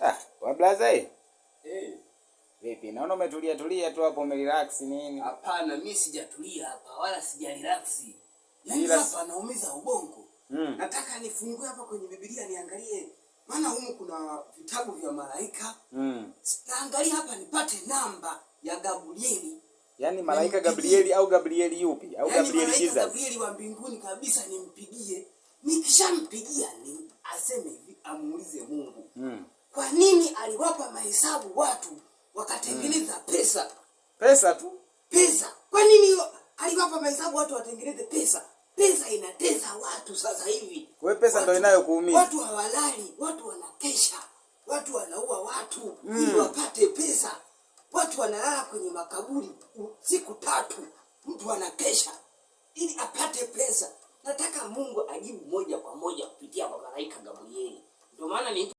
Ah, wa blaza eh? Hey. Vipi? Naona umetulia tulia tu hapo umerelax nini? Hapana, mimi sijatulia hapa wala sijarelax. Yaani hapa naumiza ubongo. Mm. Nataka nifungue hapa kwenye Biblia niangalie maana humu kuna vitabu vya malaika. Mm. Naangalia hapa nipate namba ya Gabrieli. Yaani malaika Gabrieli au Gabrieli yupi? Au yani Gabrieli Jesus? Gabrieli wa mbinguni kabisa nimpigie. Nikishampigia ni aseme hivi amuulize Mungu. Mm kwa nini aliwapa mahesabu watu wakatengeneza hmm. pesa pesa tu pesa kwa nini aliwapa mahesabu watu watengeneze pesa pesa inateza watu sasa hivi kwa pesa ndio inayokuumia watu hawalali watu wanakesha watu wanaua watu hmm. ili wapate pesa watu wanalala kwenye makaburi siku tatu mtu anakesha ili apate pesa nataka mungu ajibu moja kwa moja kupitia kwa malaika gabrieli ndio maana ni